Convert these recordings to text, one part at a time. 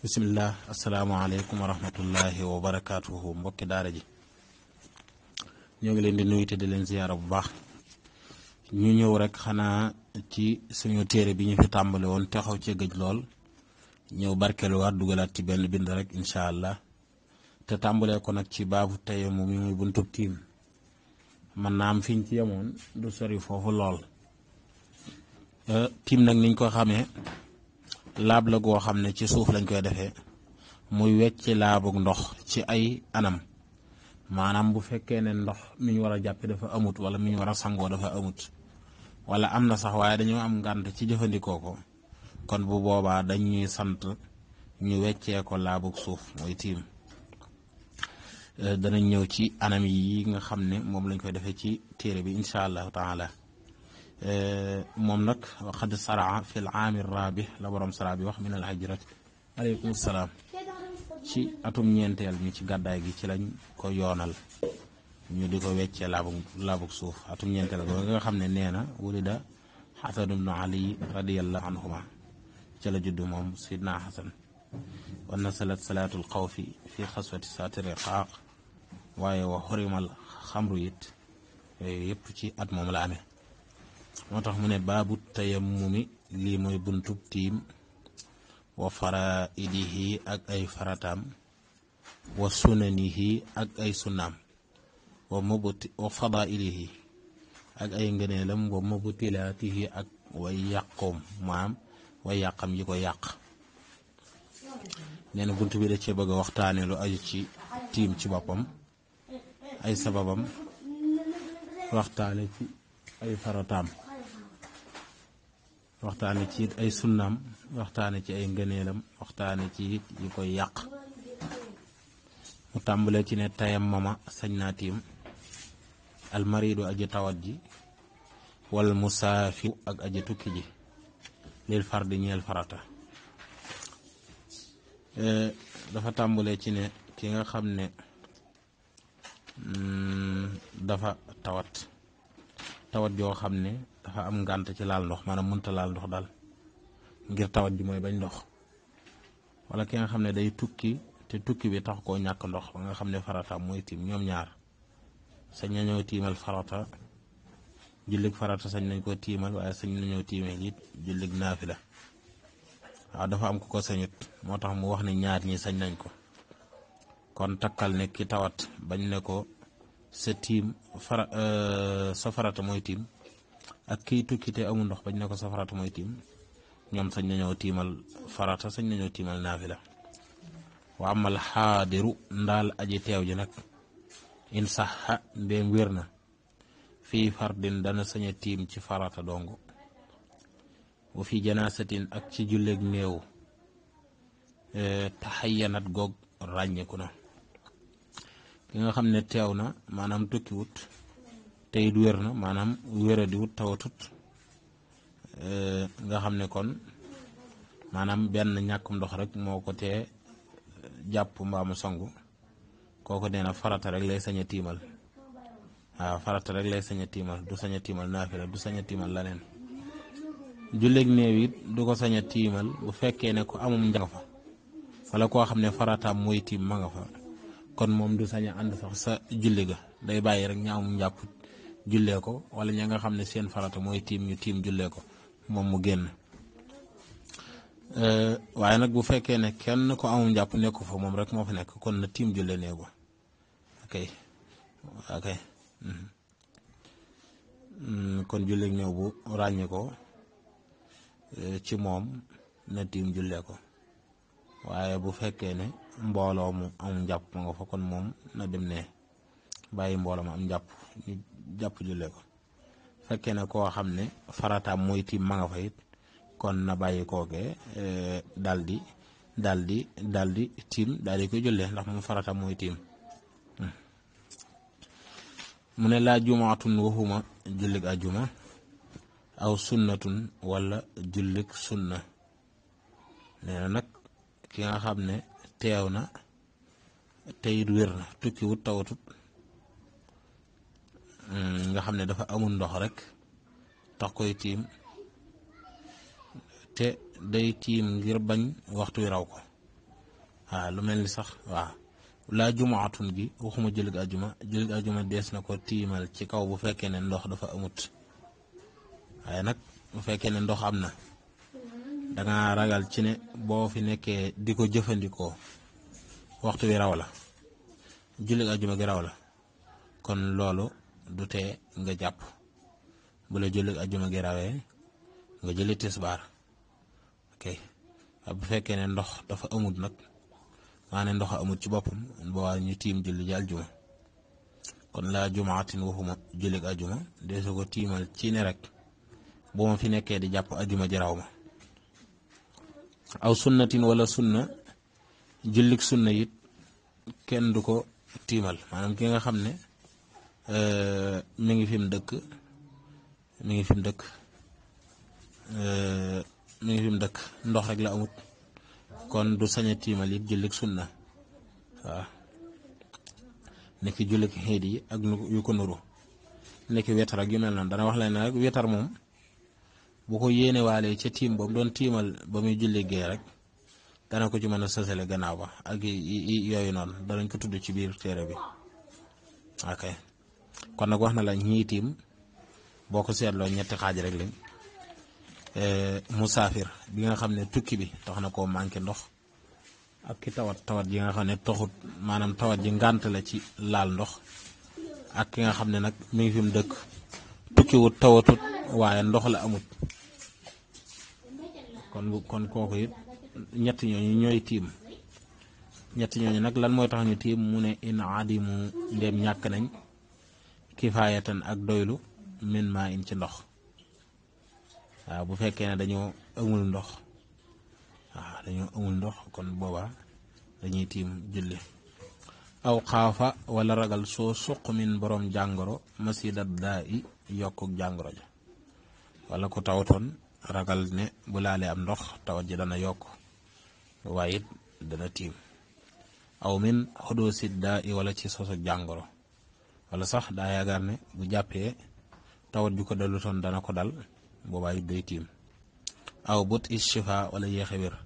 bisimilah asalaamaaleykum wa rahmatullahi wa barakaatuhu mbokki daara ji ñoo ngi leen di nuyu te di leen ziyaara bu baax ñu ñëw rek xanaa ci suñu téere bi ñu fi tàmbali woon taxaw ci gëj lool ñëw barkeeluwaat dugalaat ci benn bind rek incha allah te tàmbalee kon nag ci baabu tayammum mi muy buntub tiim man naa am fiñ ci yemoon du sori foofu lool eh, tiim nag niñ ko xamee. laab la goo xam ne ci suuf lañ koy defee muy wecc laabug ndox ci ay anam maanaam bu fekkee ne ndox mi ñu war a jàppe dafa amut wala mi war a sangoo dafa amut wala am na sax waaye dañoo am ngànt ci jëfandikoo ko kon bu boobaa dañuy sant ñu weccee ko laabug suuf mooy tiim danañ ñëw ci anam yi nga xam ne moom lañ koy defee ci téere bi incha allahu taala Eh, moom nag xad saraa fi l raabi la borom saraa bi wax min al hijrat aleykum salaam ci atum ñeenteel mi ci gàddaay gi ci lañ ko yoonal ñu di ko weccee laabu laabug suuf atum ñeenteel go nga xam ne nee na wulida xasan ibnu ali radiallahu anhuma ca la judd moom sidna xasan wa nasalat salaatul xawfi fi xaswati saati riqaaq waaye wa xorimal xamru it yooyu yëpp ci at moom la amee moo tax mu ne baabu tayammumi lii mooy buntu tiim wa faraidihi ak ay farataam wa sunanihi ak ay sunnaam wa mubti wa fadailihi ak ay ngëneelam wa ak way yàqoom maam way yàqam yi ko yàq nee na bunt bi da cee bëgg waxtaane lu aju ci tiim ci boppam ay sababam waxtaane ci ay farataam waxtaane ci it ay sunnaam waxtaane ci ay ngëneelam waxtaane ci it yi koy yàq mu tàmbale ci ne tayam mama sañ naa tiim almaridu aji tawat ji wal musaafiru ak aji tukki ji lil far di ñeel farata e, dafa tàmbale ci ne ki nga xam ne mm, dafa tawat joo xam ne dafa am ngànt ci laal ndox maanaam mënta laal ndox daal ngir tawat ji mooy bañ ndox wala ki nga xam ne day tukki te tukki bi tax koo ñàkk ndox ba nga xam ne farata mooy tiim ñoom ñaar sañ nañoo tiimal farata jullig farata sañ nañ ko tiimal waaye sañ nañoo tiimeel it jullig la waaw dafa am ku ko sañut moo tax mu wax ne ñaar ñi sañ nañ ko kon takkal ne ki tawat bañ ne ko sa tiim farata euh, mooy tiim ak kiy tukki te ndox bañ ne ko sa farata mooy tiim ñoom sañ nañoo tiimal farata sañ nañoo tiimal naafila wa amal xaadiru ndaal aji teew ji nag in saxa mbéem wér na fii fardin dana sañ a tiim ci farata dong wa fi janaasatin ak ci julleeg néew euh, taxayanat goog ràññeeku na ki nga xam ne teew na maanaam tukkiwut tey it wér na maanaam wéradiwut tawatut eh, nga xam ne kon maanaam benn ñàkkum ndox rek moo ko tee eh, jàpp mbaamu songu kooku nee na farata rek lay sañ a waaw farata rek lay sañ a du sañ a tiimal du sañ a tiimal leneen julleg néew it du ko sañ a bu fekkee ne ko amum njàng fa wala koo xam ne farataam mooy tiim ma fa kon moom du sañ a ànd sax sa julli ga day bàyyi rek ña amum njàpp jullee ko wala ña nga xam ne seen farata mooy tiim ñu tiim jullee ko moom mu génn euh, waaye nag bu fekkee ne kenn ko amum njàpp nekku fa moom rek moo fa nekk kon na tiim jullee néegu ok ok mhm. mm, kon julli néew ràññi ko euh, ci moom na tiim jullee ko waaye bu fekkee ne mbooloo mu am njàpp ma nga fa kon moom na dem nee bàyyi mbooloo mu am njàpp ñu jàpp julle ko fekkee ne koo xam ne farata mooy tiim ma nga fa it kon na bàyyi kookee e, dal di dal di dal di tiim daal di ko julle ndax moom farata mooy tiim mu ne laa jumaatun waxuma jullig a juma aw sunnatun wala jullig sunna nee na nag ki nga xam ne teew na te it wér na tukkiwut tawatut mm, nga xam ne dafa amul ndox rek tax koy tiim te day tiim ngir bañ waxtu wi raw ko waaw lu mel ni sax waaw laa jumaatun gi waxuma jullit ajuma jullit ajuma dees na ko tiimal ci kaw bu fekkee ne ndox dafa amut waaye nag bu fekkee ne ndox am na dana ragal cine bo fi nekke diko jëfandiko waxtu wi rawla julli ajuma gi rawla kon loolu dutee nga jàpp bula julli ajuma gi rawee nga julli tisbaar ok bu fekkee ne ndox dafa amut nag maane ndox a amut ci boppam boowaa ñu tiim julli ji aljuma kon la jumaatin waxuma julli ajuma deesu ko tiimal cine rek bu ma fi nekkee di jàpp ajuma ji raw ma aw sunnatin wala sunna jullik sunna yit kenn du ko tiimal maanaam ki nga xam ne euh, mi ngi fim dëkk mi ngi fi mu dëkk euh, mi ngi fi mu dëkk ndox rek la amut kon du sañ a tiimal yit jullik sunna waaw nekki jullik xeet yi ak yu ko nuru nekk wetar ak yu mel noonu dana wax leen ne rek wetar moom boo ko yéenewaalee ca tiim boobu doon tiimal ba muy julli géey rek dana ko ci mën a sësale gannaaw ba ak yooyu noonu danañ ko tudd ci biir téere bi ok kon nag wax na la ñii tiim boo ko seetloo ñetti xaaj rek lañ eh, musaafir bi nga xam ne tukki bi tax na ko manqué ndox ak ki tawat tawat ji nga xam ne taxut maanaam tawat ji ngànt la ci laal ndox ak ki nga xam ne nag mu ngi fi mu dëkk tukkiwut tawatut waaye ndox la amut kon kon kooku it ñett ñooñu ñooy tiim ñett ñooñu nag lan mooy tax ñu tiim mu ne in adimu ndéem ñàkk nañ kifaayatan ak doylu min maa in ci ndox waaw bu fekkee ne dañoo amul ndox dañoo amul ndox kon booba dañuy tiim julli aw xaafa walla ragal soo suq min borom jàngoro masidat daa i yokkuk jàngoro ja wala ku tawtoon ragal ne bu laalee am ndox tawat ji dana yokk waaye it dana tiim aw min xodoosit daa i wala ci sosu jàngoro wala sax daa yaakaar ne bu jàppee tawat ju ko dalutoon dana ko dal boobaa it day tiim aw but is shifa wala yéexe wér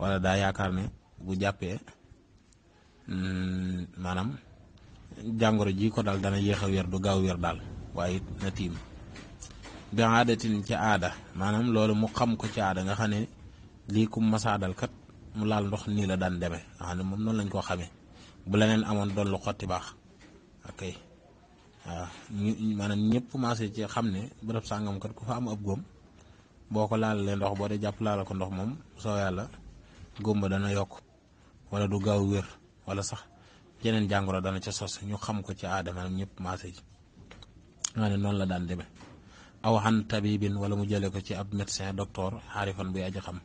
wala daa yaakaar ne bu jàppee mm, maanaam jàngoro ji ko dal dana yéex a wér du gaaw wér daal waaye it na tiim bi aadatin ci aada maanaam loolu mu xam ko ci aada nga xam ne lii ku masaadal kat mu laal ndox nii la daan demee nga moom noonu lañ koo xamee bu leneen amoon doon lu xotti baax ok maanaam ñëpp commencé ci xam ne bërëb sàngam kat ku fa am ab góom boo ko laalalee ndox boo dee jàpp laala ko ndox moom soo yàlla góom ba dana yokk wala du gaaw wér wala sax yeneen jàngoro dana ca sos ñu xam ko ci aada maanaam ñëpp commencé ci nga noonu la daan demee. aw an tabibin wala mu jële ko ci ab médecin docteur xaarifan buy aji xam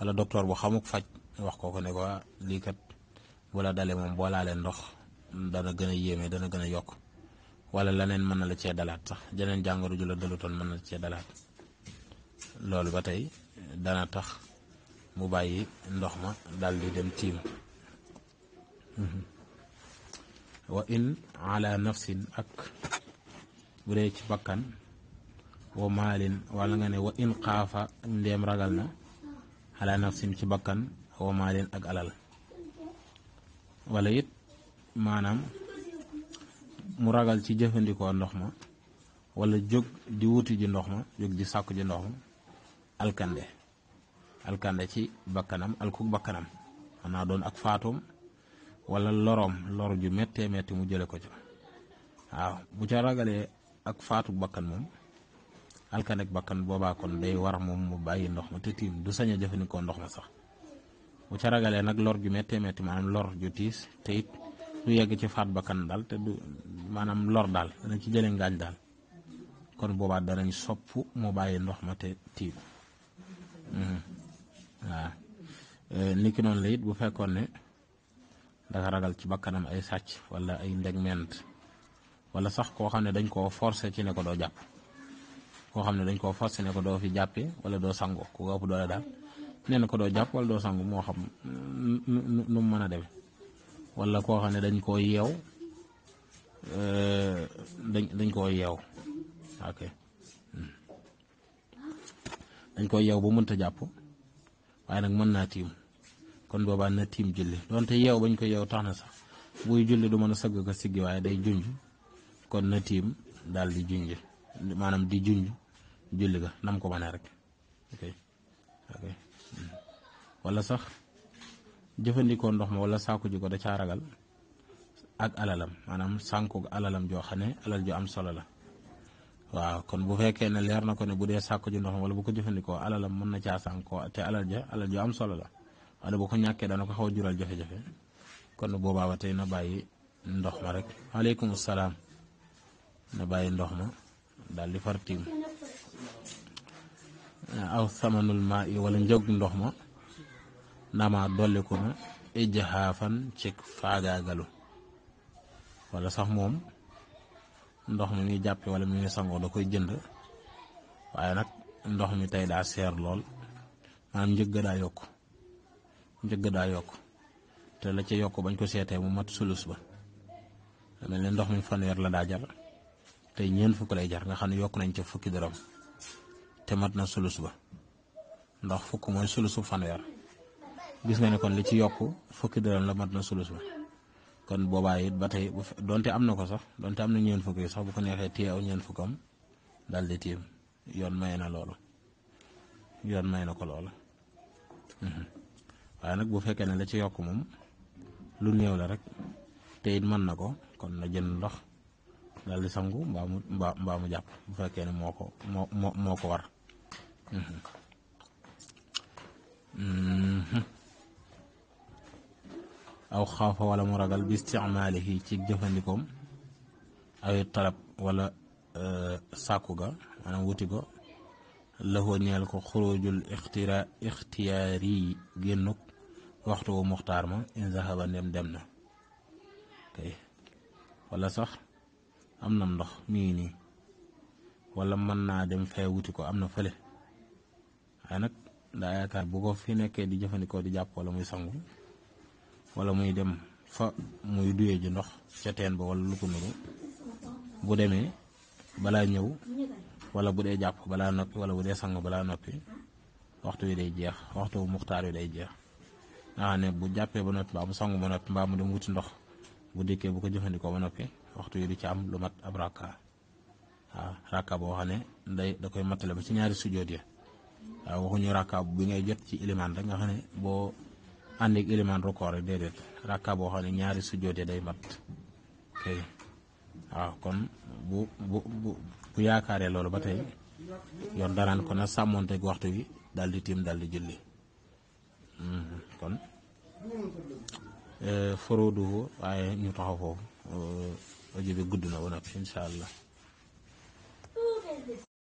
wala docteur bu xamuk faj wax ko ko ne ko lii kat bu la dalee moom boolaalee ndox dana gën a yéeme dana gën a yokk wala leneen mën na la cee dalaat sax jeneen jàngoro ju la dalutoon mën na la cee dalaat loolu ba tey dana tax mu bàyyi ndox ma daal di dem tiim wa in ala nafsin ak bu ci bakkan wa maalin wala nga ne wa in xaafa ndéem ragal na ala nafsin ci bakkan wa maalin ak alal wala it maanaam mu ragal ci jëfandikoo ndox ma wala jóg di wuti ji ndox ma jóg di sàkku ji ndox ma alkande alkande ci bakkanam alkuk bakkanam mën doon ak faatoom wala loroom lor ju méttee métti mu jële ko ca waaw bu ca ragalee ak faatu bakkan moom alkanek bakkan boobaa kon day war moom mu bàyyi ndox ma te tiim du sañ a jëfandikoo ndox ma sax bu ca ragalee nag lor ju méttee métti maanaam lor ju tiis teyit it du yegg ci faat bakkan daal te du maanaam lor daal dana ci jëlee ngaañ daal kon boobaa danañ sopp mu bàyyi ndox ma te tiim hmm. waaw eh, ni noonu la it bu fekkoon ne dafa ragal ci bakkanam ay sàcc wala ay ndegment wala sax koo xam ne dañ koo forcer ci ne ko doo jàpp. ko xamne dañ ko fas ne ko do fi jappé wala do sango ku ko ëpp doole daal nee na ko do japp wala do sango mo xam nu mëna dem wala ko xamne ne dañ koo yeew euh, dañ dañ ko yew ok hmm. dañ koo yeew ba mënta japp way nak mën naa tiim kon boba na tiim julli donte yew bañ ko yew tax na sax buy julli du mëna sagga ko siggi way day junj kon na tiim dal di junj manam di junj julli ga nam ko mënee rek ok wala sax jëfandikoo ndox ma wala sàkku ji ko da caa ragal ak alalam maanaam sànku alalam joo xam ne alal ju am solo la waaw kon bu fekkee ne leer na ko ne bu dee sàkku ji ndox ma wala bu ko jëfandikoo alalam mën na caa sànkoo te alal ja alal ju am solo la waaye bu ko ñàkkee dana ko xaw a jural jafe-jafe kon boobaa ba na bàyyi ndox ma rek. waaleykum salaam na bàyyi ndox ma daal di far tiim aw samanul maa i wala njëg ndox ma nama dolliku na ijhaafan ci faagaagalu wala sax moom ndox mi muy jàppe wala mu muy sangoo da koy jënd waaye nag ndox mi tey daa seer lool maanaam njëgg daa yokk njëgg daa yokk te la ca yokk bañ ko seetee mu mat sulus ba mel ne ndox mi fanweer la daa jar tey ñeent fukk lay jar nga xam ne yokk nañ ca fukki dërëm mat na sulus ba ndax fukk mooy sulusu fanweer gis na ne kon li ci yokk fukki dërëm la mat na sulus ba kon boobaa it ba tey bu donte am na ko sax donte am na ñeen fukk yi sax bu ko neexee téye aw fukkam daal di tiim yoon may na loolu yoon may na ko loolu mhm. waaye nag bu fekkee ne la ci yokk moom lu néew la rek te it mën na ko kon na jënd ndox daal di sangu mbaa mu mbaa mu jàpp bu fekkee ne moo ko moo moo ko war aw xaafa wala mu ragal bi isticmaalihi ci jëfandikoom ay talab wala sàkku ga maanaam wuti ko laxoo ñeel ko xurujul ixtira ixtiyaari yi génnuk waxtu wu muxtaar ma in zahaba ndem dem na kay wala sax am na ndox mi ngi nii wala mën naa dem fee wuti ko am na fële waaye nag daa yaakaar bu ko fi nekkee di jëfandikoo di jàpp wala muy sangu wala muy dem fa muy duyee ji ndox ca teen ba wala lu ko nuru bu demee balaa ñëw wala bu dee jàpp balaa noppi wala bu dee sangu balaa noppi waxtu wi day jeex waxtu wu muxtaar wi day jeex nga ne bu jàppee ba noppi mbaa mu sangu ma noppi mbaa mu dem wuti ndox bu dikkee bu ko jëfandikoo ba noppi waxtu yi du ci am lu mat ab rakka waaw rakka boo xam ne day da koy matale ba ci ñaari sujjóot ya woxuñu raka bi ngay jot ci iliman rek nga xam ne boo àndik iliman record rek déedéet raka boo xam ne ñaari su jóotee day mat kay waaw kon bu bu bu bu yaakaaree loolu ba tey yoon daraan ko na sàmmonte ak waxtu wi dal di tiim dal di julli mhm, kon eh, foro duuxu waaye ñu taxaw foofu eh, aju bi gudd na ba noppi incha allah